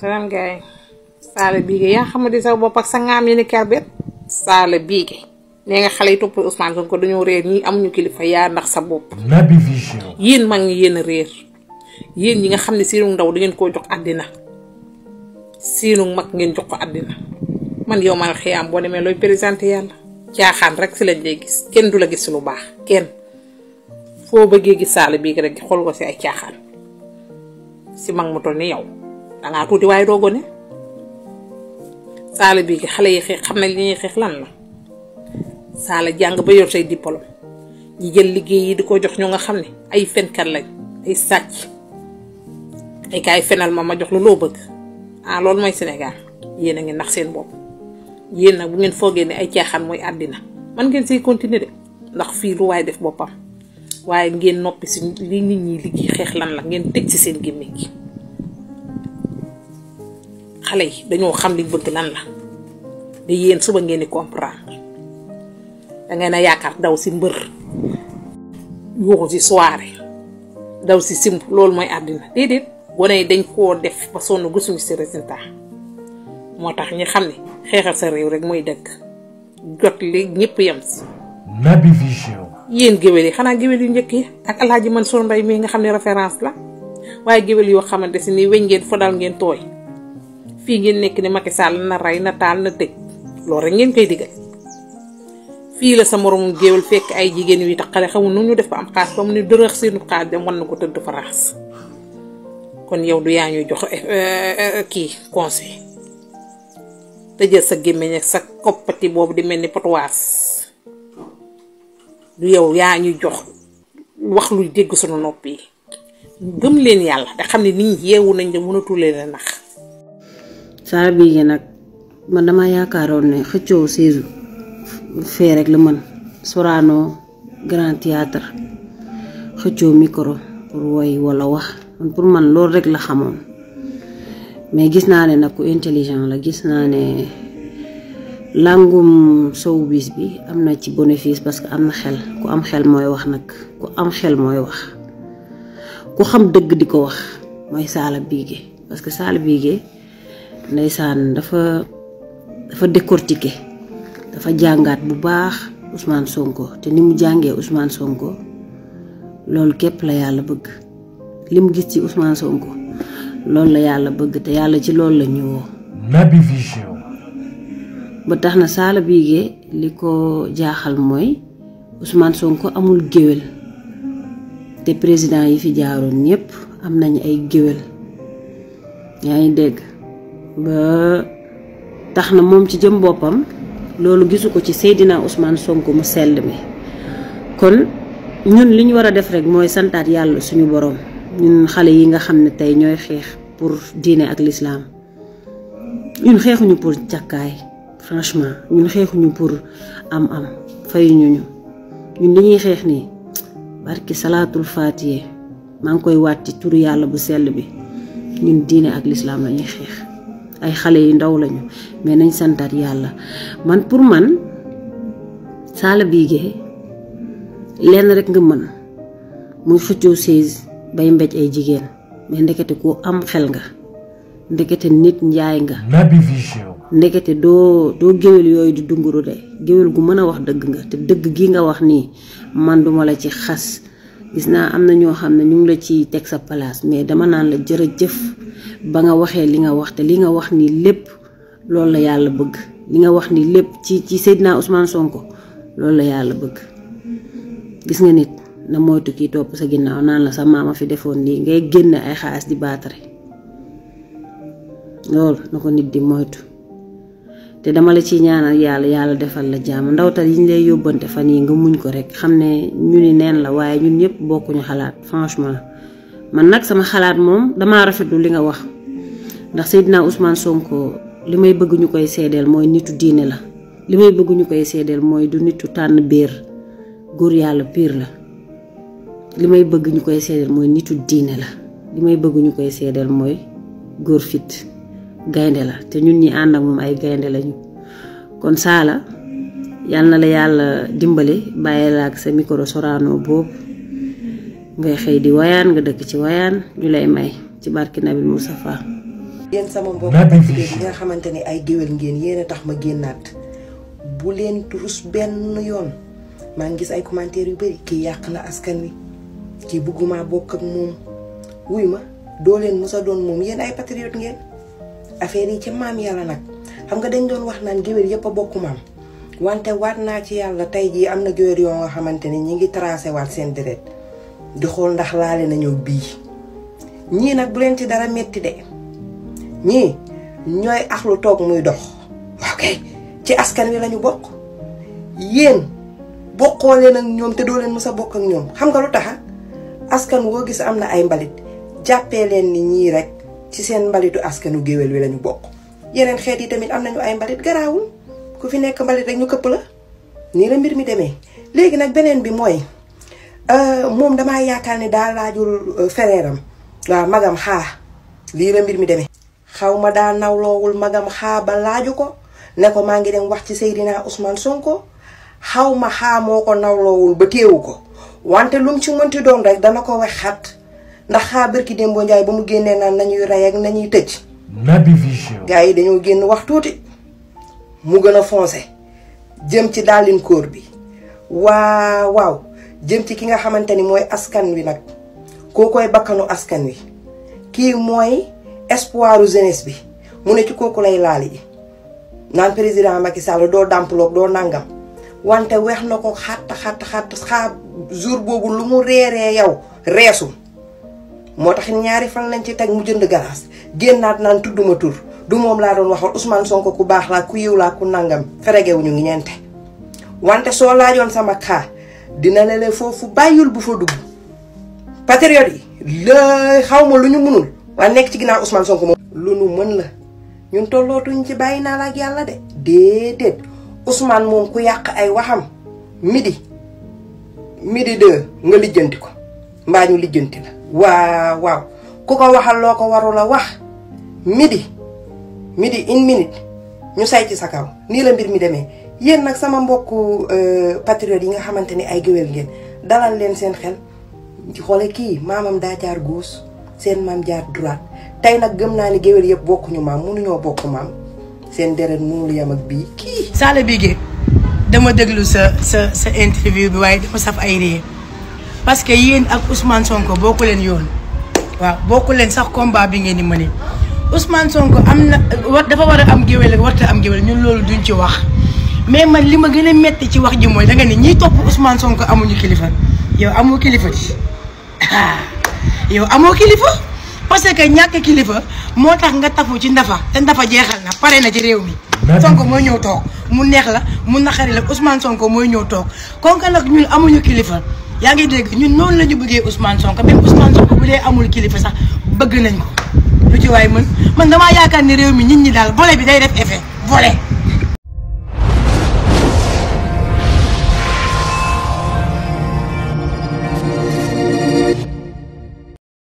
salam salaam gay saala biige yaa xamadi sa bop ak sa ngaam yi ni kerbet saala biige ne nga xale yi Ousmane Sonko dañu reer ni amuñu kilifa ya ndax sa bop nabi Vision yeen mag ni yene a yeen yi nga xam ne ndaw da ngeen ko jox adina seenu mag ngeen jox ko adina man yow man xiyaam boo demee looy présenté yàlla caaxaan rek ci lañ lay gis kenn dula gis lu bax kenn fo beugé gis sale biige rek xol ko ci ay caaxaan si mang mu toll ni yow dangaa tuuti waaye doo gone saala bii xale yi xeex xam na li ñuy xeex lan la saala jàng ba yor say diplôme ñi jël liggéey yi di ko jox ñu nga xam ne ay fenkat lañ ay sàcc ay kaay fenal ma ma jox lu loo bëgg ah loolu mooy Sénégal yéen a ngi nax seen bopp yéen nag bu ngeen foogee ne ay caaxaan mooy àddina man ngeen siy continuer de ndax fii lu waaye def boppam waaye ngeen noppi si li nit ñi liggéey xeex lan la ngeen teg ci seen gémmiñ gi xale yi dañoo xam li bëgg lan la di yéen suba ngeen di comprendre da ngeen a yaakaar daw si mbër yuuxu si soirée daw si simb loolu mooy àddina déedéet gone dañ koo def ba sonn gisuñu si résultat moo tax ñi xam ne xeexal sa réew rek mooy dëkk jot li ñëpp yam si. Naby Vision. yéen géwél yi xanaa géwél yu njëkk yi ak alaaji Mansour mbay mi nga xam ne référence la waaye géwél yoo xamante si ni weñ ngeen fodal ngeen tooy fi ngeen nekk ni Macky Sall na rey na taal na tëj loolu rek ngeen koy digal fii la sa morom géewal fekk ay jigéen yu taqale xamu nu ñu def ba am xaas ba mu ne dërëx seenu xaas dem wan na ko tëdd faraas kon yow du yaa ñuy jox eh, eh, eh, kii conseil te sa ak sa koppati boobu di mel ni du yow yaa ñuy jox wax lu dégg sunu gëm leen yàlla te xam ne nit ñi yeewu nañ de nax saara bii nag man dama yaakaaroon ne xëccoo saison fee rek la mën soraanoo Grand Théâtre xëccoo micro pour woy walla wax man pour man loolu rek la xamoon mais gis naa ne nag ku intelligent la gis naa ne làngum bis bi am na ci bénéfice parce que am na xel ku am xel mooy wax nag ku am xel mooy wax ku xam dëgg di ko wax mooy Salla Bigué parce que Salla ndeysaan dafa dafa décortiquer dafa jàngaat bu baax Ousmane Sonko te ni mu jàngee usmaan Sonko loolu képp la yàlla bëgg li mu gis ci Ousmane Sonko loolu la yàlla bëgg te yàlla ci loolu la ñu ba tax na Salla Bigué li ko jaaxal mooy Ousmane Sonko amul géwél te président yi fi jaaroon ñëpp am nañ ay géwél yaa ngi dégg ba taxna mom ci jëm bopam loolu gisuko ci sayidina usman Sonko mu sell mi kon ñun liñ wara def rek moy santat yalla suñu borom ñun xalé yi nga xamne tay ñoy xex pour diiné ak l'islam ñun xeexuñu pour càkkaay franchement ñun xeexuñu pour am-am fay ñu ñun dañuy xex ni barki salatul fatiye mang koy wati turu yalla bu sel bi ñun diiné ak l'islam lañuy xex ay xale yu ndaw lañu mais nañ santaat yàlla man pour man Salla Bigué lenn rek nga mën muy xëccoo seize bay mbéj ay jigéen mais ndekete ku am xel nga ndekete nit njaay nga ndekete doo doo géwél yooyu di dunguru de géwél gu mën a wax dëgg nga te dëgg gi nga wax nii man duma la ci xas gis naa am na ñoo xam ne ñu ngi la ciy teg sa palaas mais dama naan la a jërëjëf ba nga waxee li nga wax te li nga wax ni lépp loolu la yàlla bëgg li nga wax ni lépp ci ci naa Ousmane Sonko loolu la yàlla bëgg gis nga nit na moytu kii topp sa ginnaaw naan la sa a fi defoon lii ngay génn ay xaalis di baatare loolu na ko nit di moytu te dama la ci ñaanal yàlla yàlla defal la jàmm ndawtal yi ñu lay yóbbante fan yi nga muñ ko rek xam ne ñu ni neen la waaye ñun ñëpp bokkuñu xalaat franchement man nag sama xalaat moom dama rafetlu li nga wax ndax Seydina Ousmane Sonko li may bëgg koy seedeel mooy nitu diine la li may bëgg ñu koy seedeel mooy du nitu tànn biir góor yàlla piir la li may bëgg ñu koy seedeel mooy nitu diine la li may bëgg ñu koy seedeel mooy góor fit gaynde la te ñun ñi ànd ak moom ay gaynde lañu kon saala yal na la yàlla dimbali bàyyi la ak sa micro sorano boobu ngay xëy di wayaan nga dëkk ci wayaan ñu lay may ci barki nabi Moustapha yéen sama mbokk jigéen nga xamante ni ay géwél ngeen yéen a tax ma génnaat bu leen rus benn yoon maa ngi gis ay commentaire yu bari kii yàq na askan wi kii bëgguma bokk ak moom wuy ma doo leen mos a doon moom yéen ay patriote ngeen affaire yi ci maam yàlla nag xam nga dañ doon wax naan géwél yëpp a bokk maam wante waat naa ci yàlla tey jii am na géwél yoo nga xamante ni ñi ngi tracé waat seen deret di xool ndax laale nañoo bii ñii nag bu leen ci dara metti de ñii ñooy axlu toog muy dox ci askan wi lañu bokk yéen bokkoo leen ak ñoom te doo leen mës a bokk ak ñoom xam nga lu tax askan woo gis am na ay mbalit jàppee leen ni ñii rek ci seen mbalitu askanu géwél wi lañu bokk yeneen xeet yi tamit am nañu ay mbalit garaawul ku fi nekk mbalit rek ñu këpp la nii la mbir mi demee léegi nag beneen bi mooy euh, moom damaa yaakaar ne daa laajul euh, fereeram waaw magam xaa lii mbir mi demee xaw ma daa nawloowul magam xaa ba laaju ko ne ko maa ngi dem wax ci usman Ousmane ko xaw ma xaa moo ko nawloowul ba téewu ko wante lum ci mënti doon rek dana ko wexxat ndax xaa bërki démboo njaay ba mu génnee naan nañuy rey ak nañuy tëj. Naby yi dañoo génn wax tuuti mu gën a foncé jëm ci daalin kóor bi waaw waaw jëm ci ki nga xamante ni mooy askan wi nag koo koy bakkanu askan wi kii mooy espoiru jeunesse bi mu ne ci kooku lay laal yi naan président Macky Sall doo dàmploog doo nangam wante weex na ko xàtt xàtt xàtt xaa jour boobu lu mu reeree yow reesu motax ñaari fan lañ ci tek mu jënd galaas gennat nan tuduma tur du mom la doon waxal Ousmane Sonko ku bax la ku yiw la ku nangam ñu ngi ñenté wante la laajoon sama ka, dina lele fofu bayul bu fa dugg patriote yi le xawma lu ñu munul waaye nekk ci ginnaaw Ousmane Sonko mo lu mën la ñun tollootuñ ci bayina la ak yalla de déedéet Ousmane mom ku yaq ay waxam midi midi de nga lijjanti ko mbaa waaw waaw ku ko waxal loo ko warul a wax midi midi une minute ñu say ci sa kaw nii la mbir mi demee yéen nag sama mbokku euh, patriote yi nga xamante ni ay géwél ngeen dalal leen seen xel ci xoole kii maamam daa jaar goos seen maam jaar droite tey nag gëm naa ni géwél yëpp bokkuñu maam mënuñoo bokk maam seen deret mënul yam ak bii kii Salla Bigué dama déglu sa sa sa interview bi waaye dafa saf ay réer parce que yéen ak Ousmane Sonko bokku leen yoon waaw bokku leen sax combat bi ngeen di mëne Ousmane sonk am na dafa war a am géwél ak am géwél ñun loolu duñ ci wax mais man li ma gën a metti ci wax ji mooy danga ne ñiy topp Ousmane sonk amuñu kilifa yow amoo kilifa ci yow amoo kilifa parce que ñàkk kilifa moo tax nga tafu ci ndafa te ndafa jeexal na pare na ci réew mi. Sonko mooy ñëw toog mu neex la mu naqari la Ousmane Sonko mooy ñëw toog kon nag ñun amuñu kilifa. yaa ngi dégg ñun noonu la ñu bëggee Ousmane Sonko même Ousmane Sonko bu dee amul kilifa sax bëgg nañu ko lu ci waay mën man damaa yaakaar ne réew mi nit ñi daal volet bi day def effet volet.